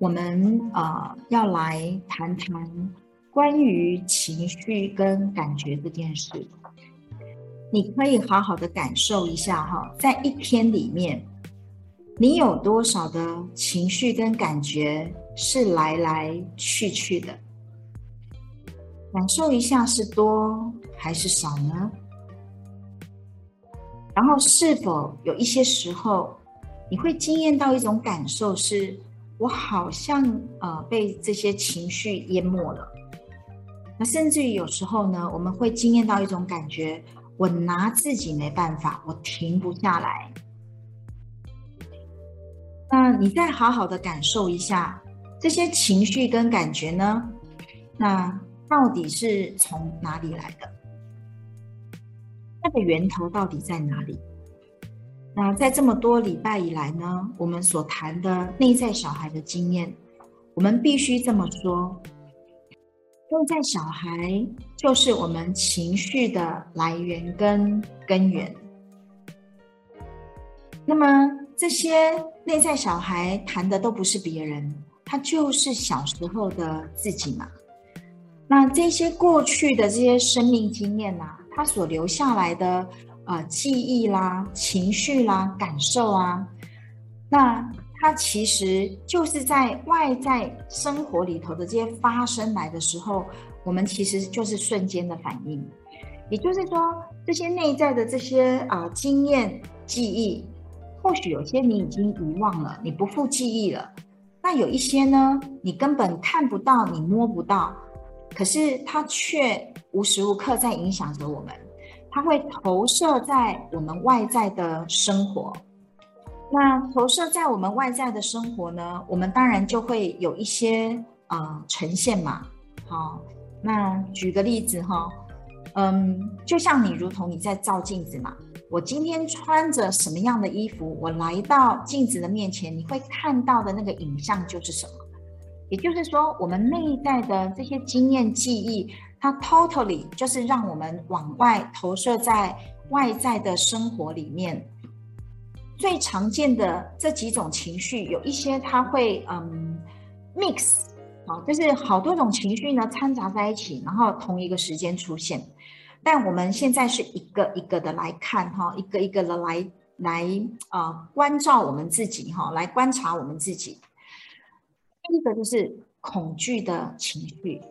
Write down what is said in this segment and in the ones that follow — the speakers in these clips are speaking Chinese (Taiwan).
我們啊、呃，要來談談關於情緒跟感覺這件事。你可以好好的感受一下哈、哦，在一天裡面，你有多少的情緒跟感覺是來來去去的？感受一下是多還是少呢？然後是否有一些時候，你會經驗到一種感受是？我好像呃，被這些情緒淹沒了，那甚至於有時候呢，我們會經驗到一種感覺，我拿自己沒辦法，我停不下來。那你再好好的感受一下這些情緒跟感覺呢，那到底是從哪裡來的？那個源頭到底在哪裡？那在這麼多禮拜以來呢，我們所談的內在小孩的經驗，我們必須這麼說：內在小孩就是我們情緒的來源跟根源。那麼這些內在小孩談的都不是別人，他就是小時候的自己嘛。那這些過去的這些生命經驗呢，啊，他所留下來的。啊、呃，記憶啦，情緒啦，感受啊，那它其實就是在外在生活裡頭的這些發生來的時候，我們其實就是瞬間的反應。也就是說，這些內在的這些啊、呃、經驗、記憶，或許有些你已經遺忘了，你不復記憶了；那有一些呢，你根本看不到，你摸不到，可是它卻無時無刻在影響着我們。它會投射在我們外在的生活，那投射在我們外在的生活呢，我們當然就會有一些呃呈現嘛。好、哦，那舉個例子哈、哦，嗯，就像你，如同你在照鏡子嘛。我今天穿着什麼樣的衣服，我來到鏡子的面前，你會看到的那個影像就是什麼？也就是說，我們內在的這些經驗記憶。它 totally 就是讓我們往外投射在外在的生活裡面，最常見的這幾種情緒，有一些它會嗯 mix 好，就是好多種情緒呢摻雜在一起，然後同一個時間出現。但我們現在是一個一個的來看哈，一個一個的來來啊，關照我們自己哈，來觀察我們自己。第一個就是恐懼的情緒。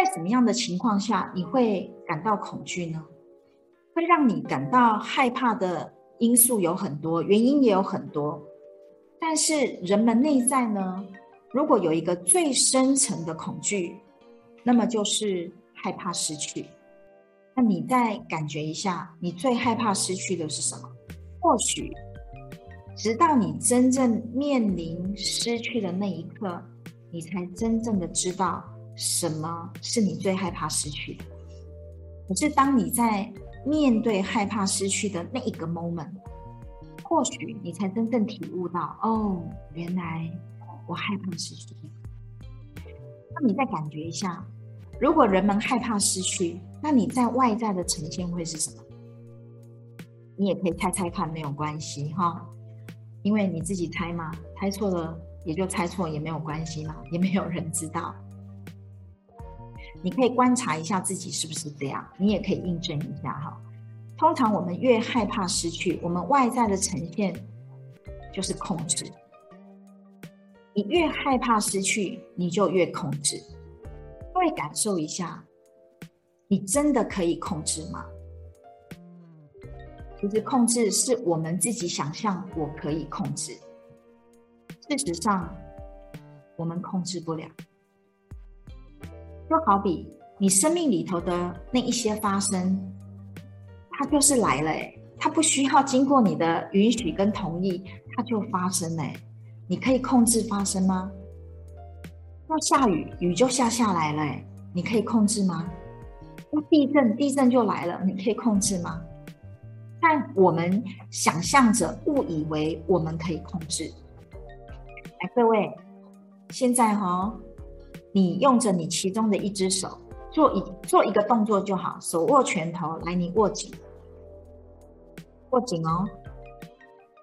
在什麼樣的情況下你會感到恐懼呢？會讓你感到害怕的因素有很多，原因也有很多。但是人們內在呢，如果有一個最深層的恐懼，那麼就是害怕失去。那你再感覺一下，你最害怕失去的是什麼？或許，直到你真正面臨失去的那一刻，你才真正的知道。什麼是你最害怕失去的？可是當你在面對害怕失去的那一個 moment，或許你才真正體悟到，哦，原來我害怕失去。那你再感覺一下，如果人們害怕失去，那你在外在的呈現會是什麼？你也可以猜猜看，沒有關係哈，因為你自己猜嘛，猜錯了也就猜錯，也沒有關係嘛，也沒有人知道。你可以觀察一下自己是不是這樣，你也可以印證一下哈。通常我們越害怕失去，我們外在的呈現就是控制。你越害怕失去，你就越控制。各位感受一下，你真的可以控制嗎？其實控制是我們自己想象我可以控制，事實上我們控制不了。就好比你生命裡頭的那一些發生，它就是來了，誒，它不需要經過你的允許跟同意，它就發生了，誒，你可以控制發生嗎？要下雨，雨就下下來了，誒，你可以控制嗎？那地震，地震就來了，你可以控制嗎？但我們想象着誤以為我們可以控制。誒、哎，各位，現在哈、哦。你用着你其中的一隻手，做一做一個動作就好，手握拳頭，來，你握緊，握緊哦。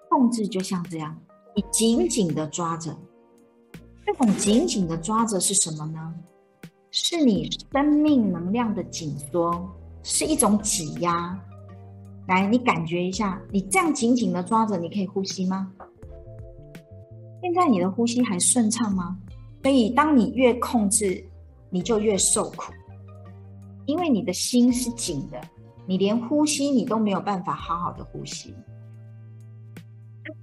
控制就像這樣，你緊緊的抓着，這種緊緊的抓着是什麼呢？是你生命能量的緊縮，是一種擠壓。來，你感覺一下，你這樣緊緊的抓着，你可以呼吸嗎？現在你的呼吸還順暢嗎？所以，當你越控制，你就越受苦，因為你的心是緊的，你連呼吸你都沒有辦法好好的呼吸。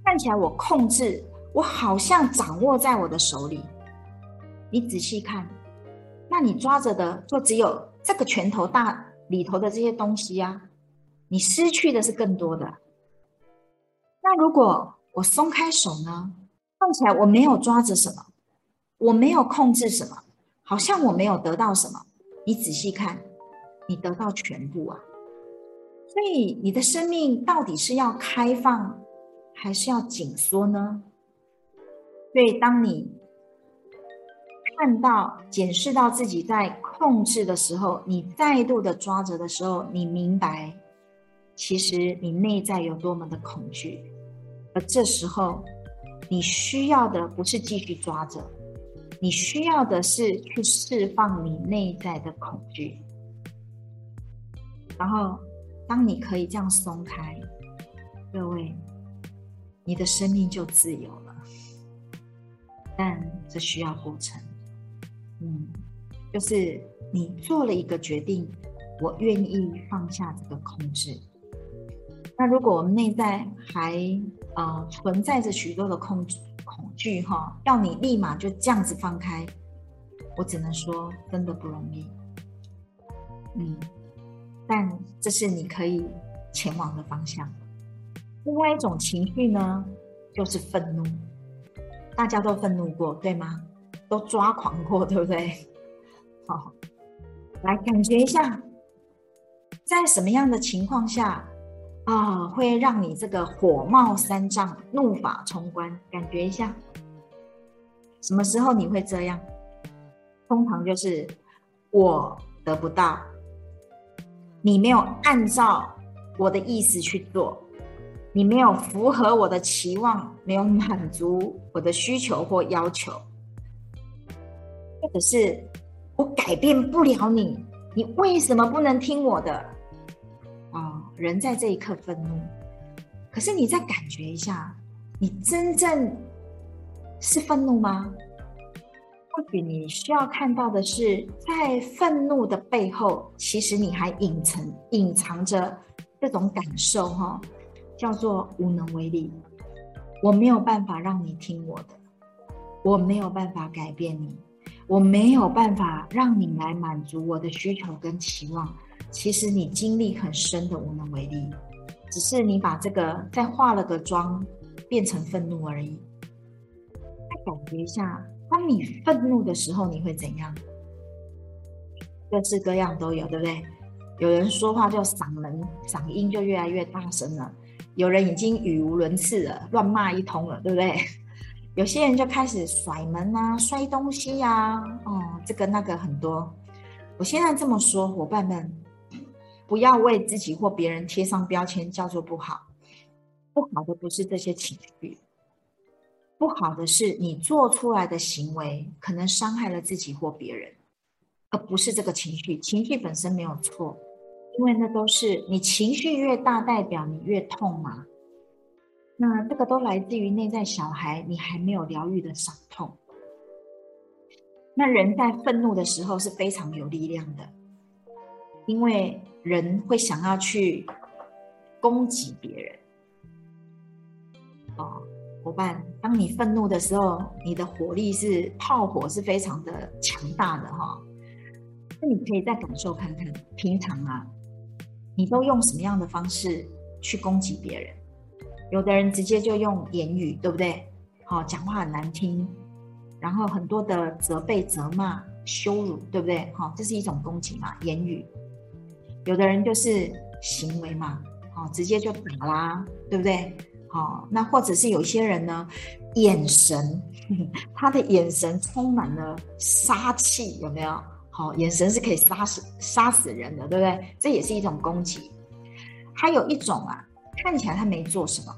看起來我控制，我好像掌握在我的手裡。你仔細看，那你抓着的就只有這個拳頭大裡頭的這些東西呀，啊。你失去的是更多的。那如果我鬆開手呢？看起來我沒有抓着什麼。我沒有控制什麼，好像我沒有得到什麼。你仔細看，你得到全部啊！所以你的生命到底是要開放，還是要緊縮呢？所以當你看到、檢視到自己在控制的時候，你再度的抓着的時候，你明白，其實你內在有多麼的恐懼。而這時候，你需要的不是繼續抓着。你需要的是去釋放你內在的恐懼，然後當你可以這樣鬆開，各位，你的生命就自由了。但這需要過程，嗯，就是你做了一個決定，我願意放下這個控制。那如果我們內在還呃存在着許多的控制，恐懼哈、哦，要你立馬就這樣子放開，我只能說真的不容易。嗯，但這是你可以前往的方向。另外一種情緒呢，就是憤怒。大家都憤怒過，對嗎？都抓狂過，對不對？好好，來感覺一下，在什麼樣的情況下？啊、哦，會讓你這個火冒三丈、怒髮衝冠，感覺一下。什麼時候你會這樣？通常就是我得不到，你沒有按照我的意思去做，你沒有符合我的期望，沒有滿足我的需求或要求，或者是我改變不了你，你為什麼不能聽我的？人在這一刻憤怒，可是你再感覺一下，你真正是憤怒嗎？或許你需要看到的是，在憤怒的背後，其實你還隱藏隱藏着這種感受哈，叫做無能為力。我沒有辦法讓你聽我的，我沒有辦法改變你，我沒有辦法讓你來滿足我的需求跟期望。其實你經歷很深的無能為力，只是你把這個再化了個妝，變成憤怒而已。那感覺一下，當你憤怒的時候，你會怎樣？各式各樣都有，對不對？有人說話就嗓門、嗓音就越來越大聲了；有人已經語無倫次了，亂罵一通了，對不對？有些人就開始甩門啊、摔東西呀、啊，哦，這個那個很多。我現在這麼說，夥伴們。不要為自己或別人貼上標籤，叫做不好。不好的不是這些情緒，不好的是你做出來的行為可能傷害了自己或別人，而不是這個情緒。情緒本身沒有錯，因為那都是你情緒越大，代表你越痛嘛。那這個都來自於內在小孩，你還沒有療癒的傷痛。那人在憤怒的時候是非常有力量的，因為。人會想要去攻擊別人，哦，夥伴，當你憤怒的時候，你的火力是炮火，是非常的強大的哈、哦。那你可以再感受看看，平常啊，你都用什麼樣的方式去攻擊別人？有的人直接就用言語，對不對？好、哦，講話很難聽，然後很多的責備、責罵、羞辱，對不對？哈、哦，這是一種攻擊嘛，言語。有的人就是行為嘛，好，直接就打啦，對不對？好，那或者是有一些人呢，眼神，呵呵，他的眼神充滿了殺氣，有沒有？好，眼神是可以殺死殺死人的，對不對？這也是一種攻擊。還有一種啊，看起來他沒做什麼，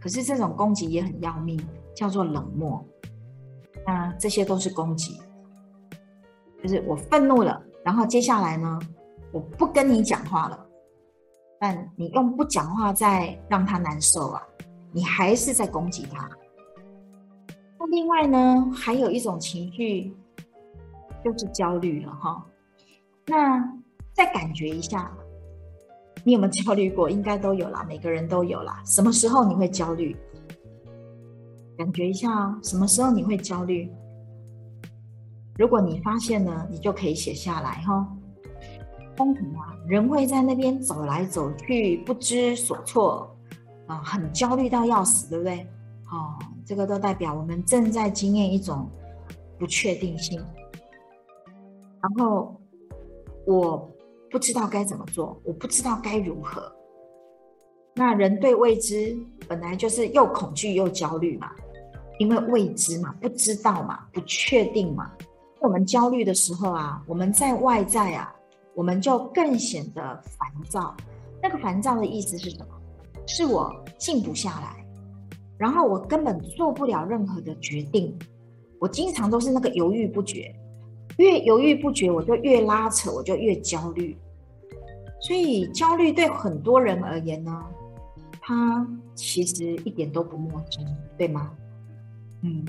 可是這種攻擊也很要命，叫做冷漠。那這些都是攻擊，就是我憤怒了，然後接下來呢？我不跟你講話了，但你用不講話在讓他難受啊，你還是在攻擊他。那另外呢，還有一種情緒就是焦慮了哈。那再感覺一下，你有沒有焦慮過？應該都有啦，每個人都有啦。什麼時候你會焦慮？感覺一下，什麼時候你會焦慮？如果你發現呢，你就可以寫下來哈。公平啊，人會在那邊走來走去，不知所措啊，很焦慮到要死，對不對？哦，這個都代表我們正在經驗一種不確定性。然後我不知道該怎麼做，我不知道該如何。那人對未知本來就是又恐懼又焦慮嘛，因為未知嘛，不知道嘛，不確定嘛。我們焦慮的時候啊，我們在外在啊。我們就更顯得煩躁，那個煩躁的意思是什麼？是我靜不下來，然後我根本做不了任何的決定，我經常都是那個猶豫不決，越猶豫不決，我就越拉扯，我就越焦慮。所以焦慮對很多人而言呢，它其實一點都不陌生，對嗎？嗯，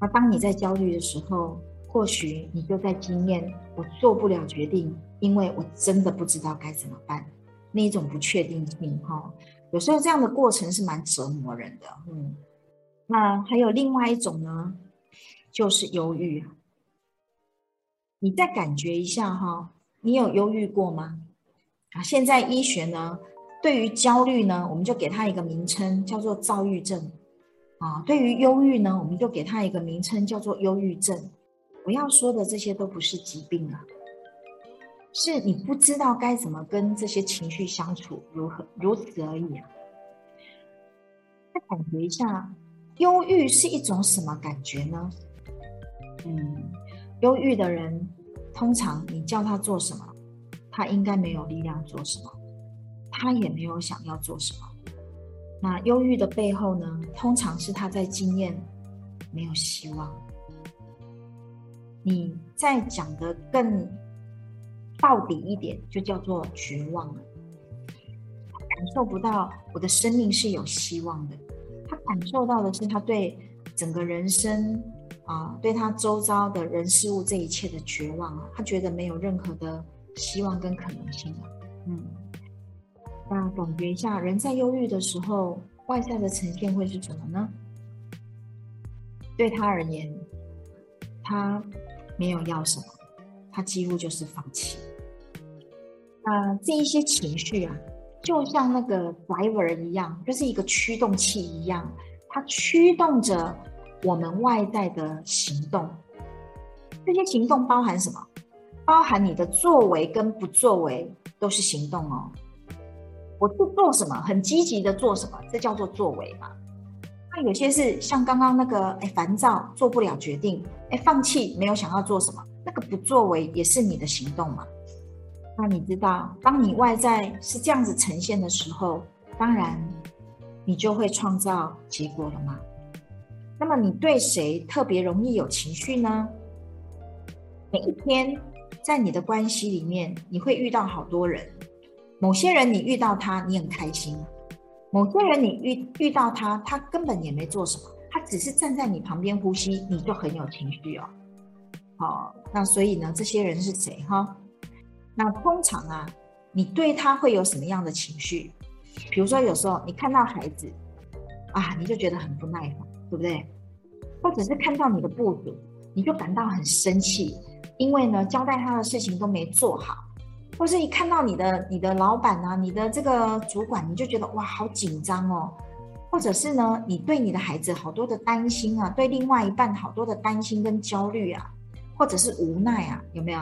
那當你在焦慮的時候。或許你就在經驗，我做不了決定，因為我真的不知道該怎麼辦。那一種不確定性，性、哦、哈，有時候這樣的過程是蠻折磨人的。嗯，那還有另外一種呢，就是憂鬱。你再感覺一下哈，你有憂鬱過嗎？啊，現在醫學呢，對於焦慮呢，我們就給它一個名稱，叫做躁鬱症；啊，對於憂鬱呢，我們就給它一個名稱，叫做憂鬱症。我要說的這些都不是疾病啊，是你不知道該怎麼跟這些情緒相處，如何，如此而已啊。再感覺一下，憂鬱是一種什麼感覺呢？嗯，憂鬱的人通常你叫他做什麼，他應該沒有力量做什麼，他也沒有想要做什麼。那憂鬱的背後呢，通常是他在經驗沒有希望。你再講的更到底一點，就叫做絕望了。他感受不到我的生命是有希望的，他感受到的是他對整個人生啊，對他周遭的人事物這一切的絕望啊，他覺得沒有任何的希望跟可能性了。嗯，那感覺一下，人在憂鬱的時候，外在的呈現會是什麼呢？對他而言，他。沒有要什麼，他幾乎就是放棄。那這一些情緒啊，就像那個 driver 一樣，就是一個驅動器一樣，它驅動着我們外在的行動。這些行動包含什麼？包含你的作為跟不作為都是行動哦。我去做什麼，很積極的做什麼，這叫做作為嘛。那有些是像剛剛那個，哎，煩躁，做不了決定。哎，放棄沒有想要做什麼，那個不作為也是你的行動嘛。那你知道，當你外在是這樣子呈現的時候，當然你就會創造結果了嘛。那麼你對誰特別容易有情緒呢？每一天在你的關係裡面，你會遇到好多人，某些人你遇到他，你很開心；某些人你遇遇到他，他根本也沒做什麼。他只是站在你旁邊呼吸，你就很有情緒哦。好、哦，那所以呢，這些人是誰哈？那通常啊，你對他會有什麼樣的情緒？比如說，有時候你看到孩子啊，你就覺得很不耐煩，對不對？或者是看到你的部屬，你就感到很生氣，因為呢，交代他的事情都沒做好，或是一看到你的你的老闆啊，你的這個主管，你就覺得哇，好緊張哦。或者是呢，你對你的孩子好多的擔心啊，對另外一半好多的擔心跟焦慮啊，或者是無奈啊，有沒有？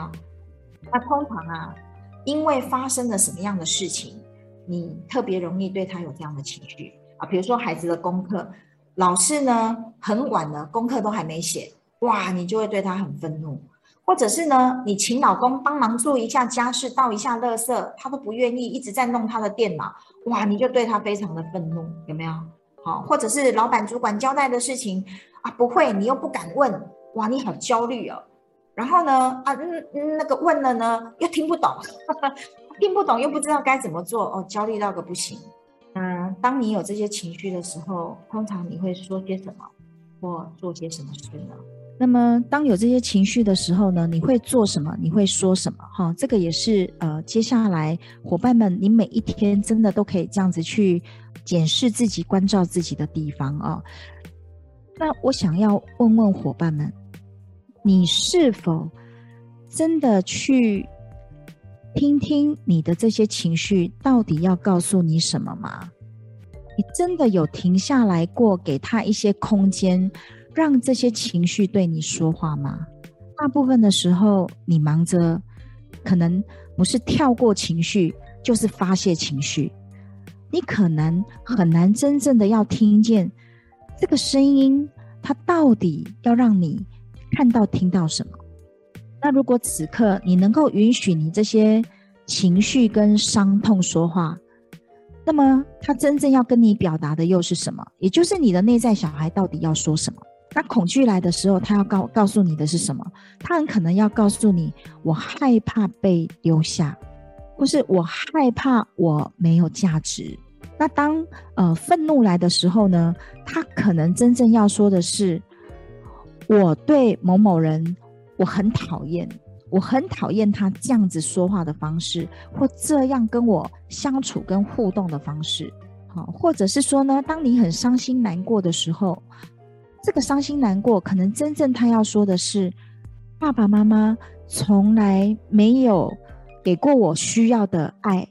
那通常啊，因為發生了什麼樣的事情，你特別容易對他有這樣的情緒啊？比如說孩子的功課，老是呢，很晚了，功課都還沒寫，哇，你就會對他很憤怒；或者是呢，你請老公幫忙做一下家事，倒一下垃圾，他都不願意，一直在弄他的電腦，哇，你就對他非常的憤怒，有沒有？好，或者是老闆主管交代的事情啊，不會，你又不敢問，哇，你好焦慮哦。然後呢，啊，那個問了呢，又聽不懂，呵呵，聽不懂又不知道該怎麼做，哦，焦慮到個不行。嗯、啊，當你有這些情緒的時候，通常你會說些什麼，或做些什麼事呢？那麼，當有這些情緒的時候呢，你會做什麼？你會說什麼？哈，這個也是呃，接下來夥伴們，你每一天真的都可以這樣子去。檢視自己、關照自己的地方哦。那我想要問問夥伴們，你是否真的去聽聽你的這些情緒到底要告訴你什麼嗎？你真的有停下來過，給他一些空間，讓這些情緒對你說話嗎？大部分的時候，你忙着，可能不是跳過情緒，就是發洩情緒。你可能很難真正的要聽見這個聲音，它到底要讓你看到、聽到什麼？那如果此刻你能夠允許你這些情緒跟傷痛說話，那麼他真正要跟你表達的又是什麼？也就是你的內在小孩到底要說什麼？那恐懼來的時候，他要告告訴你的是什麼？他很可能要告訴你：我害怕被丟下。不是我害怕，我沒有價值。那當呃憤怒來的時候呢？他可能真正要說的是，我對某某人，我很討厭，我很討厭他這樣子說話的方式，或這樣跟我相處跟互動的方式。好，或者是說呢，當你很傷心難過的時候，這個傷心難過可能真正他要說的是，爸爸媽媽從來沒有。給過我需要的愛，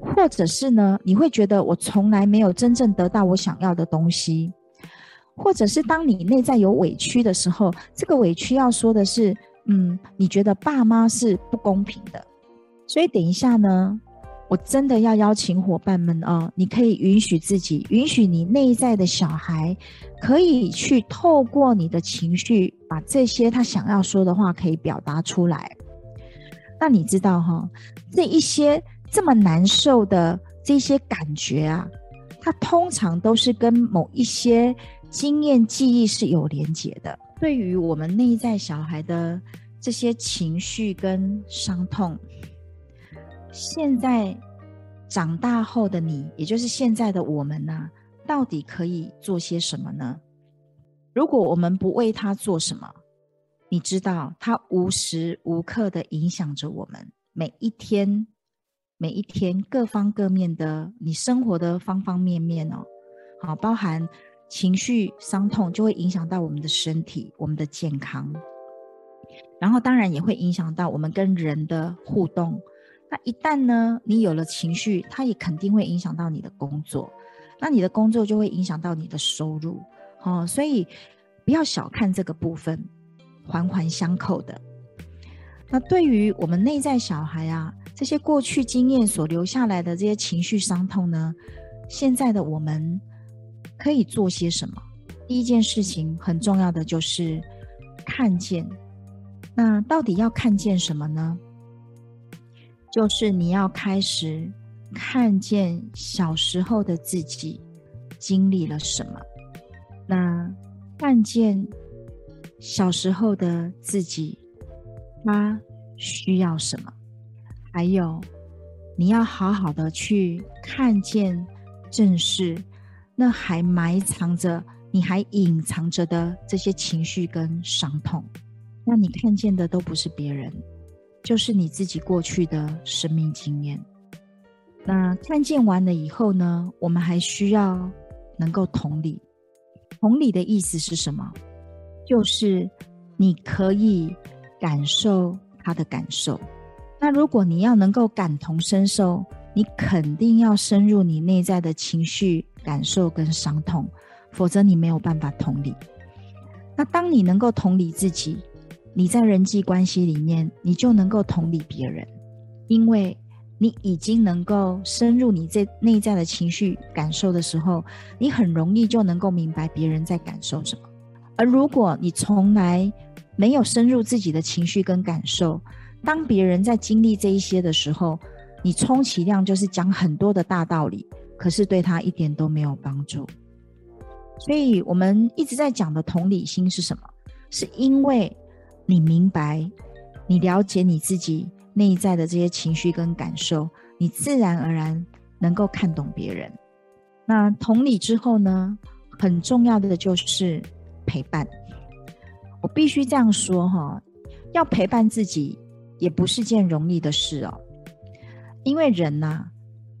或者是呢，你會覺得我從來沒有真正得到我想要的東西，或者是當你內在有委屈的時候，這個委屈要說的是，嗯，你覺得爸媽是不公平的。所以等一下呢，我真的要邀請夥伴們哦，你可以允許自己，允許你內在的小孩，可以去透過你的情緒，把這些他想要說的話可以表達出來。那你知道齁，這一些這麼難受的這一些感覺啊，它通常都是跟某一些經驗記憶是有連結的。對於我們內在小孩的這些情緒跟傷痛，現在長大後的你，也就是現在的我們啊，到底可以做些什麼呢？如果我們不為他做什麼，你知道，它無時無刻地影響着我們每一天，每一天各方各面的你生活的方方面面哦。好，包含情緒、傷痛，就會影響到我們的身體、我們的健康，然後當然也會影響到我們跟人的互動。那一旦呢，你有了情緒，它也肯定會影響到你的工作，那你的工作就會影響到你的收入。哦，所以不要小看這個部分。環環相扣的。那對於我們內在小孩啊，這些過去經驗所留下來的這些情緒傷痛呢，現在的我們可以做些什麼？第一件事情很重要的就是看見。那到底要看見什麼呢？就是你要開始看見小時候的自己經歷了什麼。那看見。小時候的自己，他需要什麼？還有，你要好好的去看見，正視那還埋藏着、你還隱藏着的這些情緒跟傷痛。那你看見的都不是別人，就是你自己過去的生命經驗。那看見完了以後呢？我們還需要能夠同理。同理的意思是什麼？就是你可以感受他的感受。那如果你要能夠感同身受，你肯定要深入你內在的情緒感受跟傷痛，否則你沒有辦法同理。那當你能夠同理自己，你在人際關係裡面，你就能夠同理別人，因為你已經能夠深入你這內在的情緒感受的時候，你很容易就能夠明白別人在感受什麼。而如果你從來沒有深入自己的情緒跟感受，當別人在經歷這一些的時候，你充其量就是講很多的大道理，可是對他一點都沒有幫助。所以我們一直在講的同理心是什麼？是因為你明白，你了解你自己內在的這些情緒跟感受，你自然而然能夠看懂別人。那同理之後呢？很重要的就是。陪伴，我必須這樣說哈、哦，要陪伴自己也不是件容易的事哦，因為人吶、啊，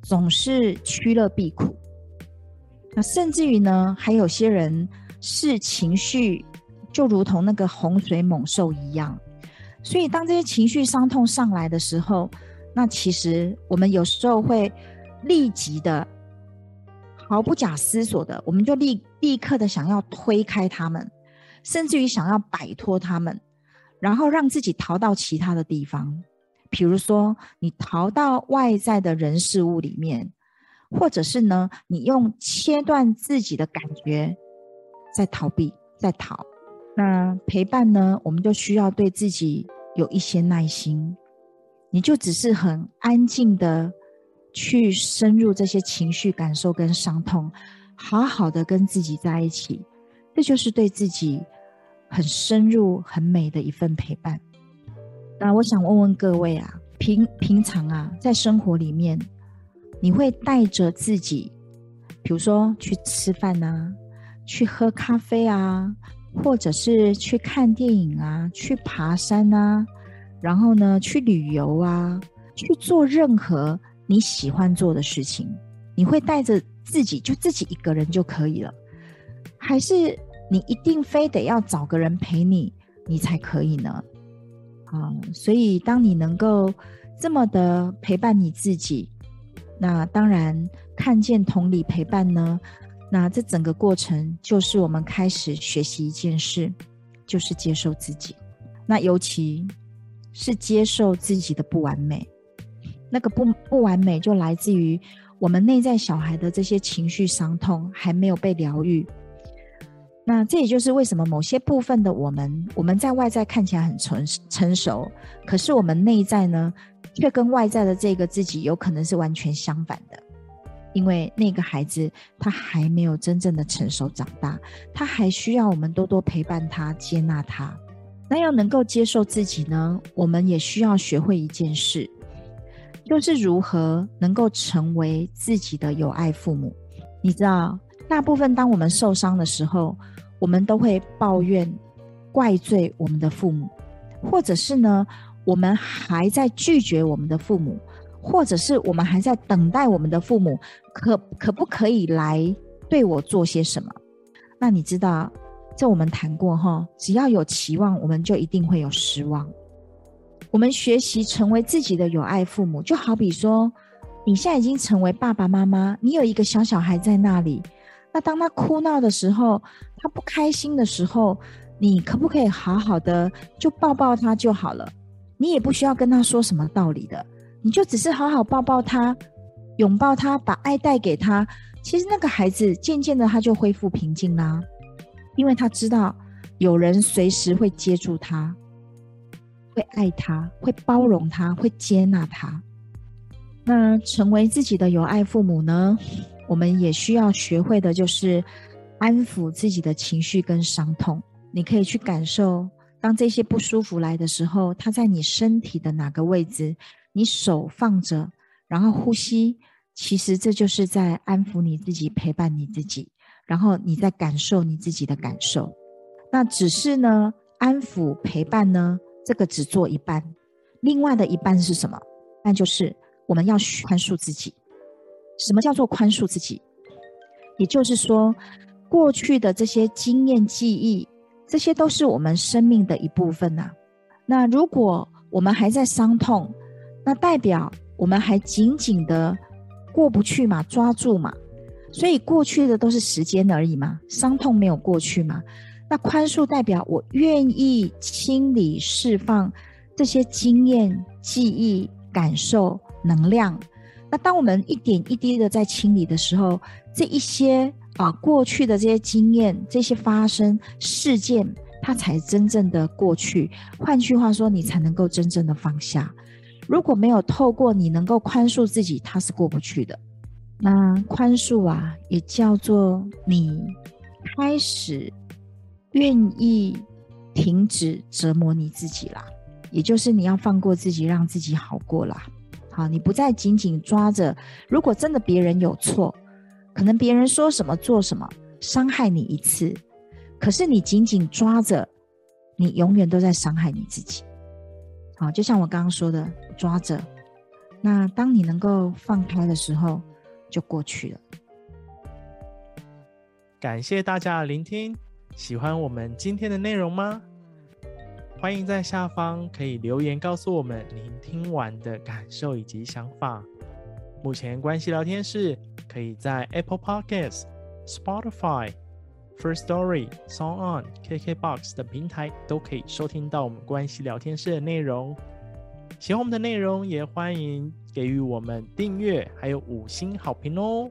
總是趨樂避苦，那甚至於呢還有些人是情緒就如同那個洪水猛獸一樣，所以當這些情緒傷痛上來的時候，那其實我們有時候會立即的。毫不假思索的，我們就立立刻的想要推開他們，甚至於想要擺脫他們，然後讓自己逃到其他的地方，比如說你逃到外在的人事物裡面，或者是呢，你用切斷自己的感覺，在逃避，在逃。那陪伴呢，我們就需要對自己有一些耐心，你就只是很安靜的。去深入這些情緒感受跟傷痛，好好的跟自己在一起，這就是對自己很深入、很美的一份陪伴。那我想問問各位啊，平平常啊，在生活裡面，你會帶着自己，比如說去吃飯啊，去喝咖啡啊，或者是去看電影啊，去爬山啊，然後呢，去旅遊啊，去做任何，你喜歡做的事情，你會帶着自己，就自己一個人就可以了，還是你一定非得要找個人陪你，你才可以呢？啊、嗯，所以當你能夠這麼的陪伴你自己，那當然看見同理陪伴呢，那這整個過程就是我們開始學習一件事，就是接受自己，那尤其是接受自己的不完美。那個不不完美就來自於我們內在小孩的這些情緒傷痛還沒有被療癒。那這也就是為什麼某些部分的我們，我們在外在看起來很成成熟，可是我們內在呢，卻跟外在的這個自己有可能是完全相反的。因為那個孩子他還沒有真正的成熟長大，他還需要我們多多陪伴他、接納他。那要能夠接受自己呢，我們也需要學會一件事。又、就是如何能夠成為自己的有愛父母？你知道，大部分當我們受傷的時候，我們都會抱怨、怪罪我們的父母，或者是呢，我們還在拒絕我們的父母，或者是我們還在等待我們的父母，可可不可以來對我做些什麼？那你知道，這我們談過哈，只要有期望，我們就一定會有失望。我們學習成為自己的有愛父母，就好比說，你現在已經成為爸爸媽媽，你有一個小小孩在那裡，那當他哭鬧的時候，他不開心的時候，你可不可以好好的就抱抱他就好了？你也不需要跟他說什麼道理的，你就只是好好抱抱他，擁抱他，把愛帶給他。其實那個孩子漸漸的他就恢復平靜啦，因為他知道有人隨時會接住他。會愛他，會包容他，會接納他。那成為自己的有愛父母呢？我們也需要學會的就是安撫自己的情緒跟傷痛。你可以去感受，當這些不舒服來的時候，他在你身體的哪個位置？你手放着，然後呼吸，其實這就是在安撫你自己，陪伴你自己，然後你在感受你自己的感受。那只是呢，安撫陪伴呢？這個只做一半，另外的一半是什麼？那就是我們要寬恕自己。什麼叫做寬恕自己？也就是說，過去的這些經驗、記憶，這些都是我們生命的一部分吶。那如果我們還在傷痛，那代表我們還緊緊的過不去嘛，抓住嘛。所以過去的都是時間而已嘛，傷痛沒有過去嘛。那寬恕代表我願意清理、釋放這些經驗、記憶、感受、能量。那當我們一點一滴的在清理的時候，這一些啊過去的這些經驗、這些發生事件，它才真正的過去。換句話說，你才能夠真正的放下。如果沒有透過你能夠寬恕自己，它是過不去的。那寬恕啊，也叫做你開始。願意停止折磨你自己啦，也就是你要放過自己，讓自己好過啦。好，你不再緊緊抓着，如果真的別人有錯，可能別人說什麼做什麼傷害你一次，可是你緊緊抓着，你永遠都在傷害你自己。好，就像我剛剛說的，抓着。那當你能夠放開的時候，就過去了。感謝大家的聆聽。喜歡我們今天的內容嗎？歡迎在下方可以留言告訴我們您聽完的感受以及想法。目前關係聊天室可以在 Apple Podcasts、Spotify、First Story、Song On、KK Box 等平台都可以收聽到我們關係聊天室的內容。喜歡我們的內容，也歡迎給予我們訂閱，還有五星好評哦。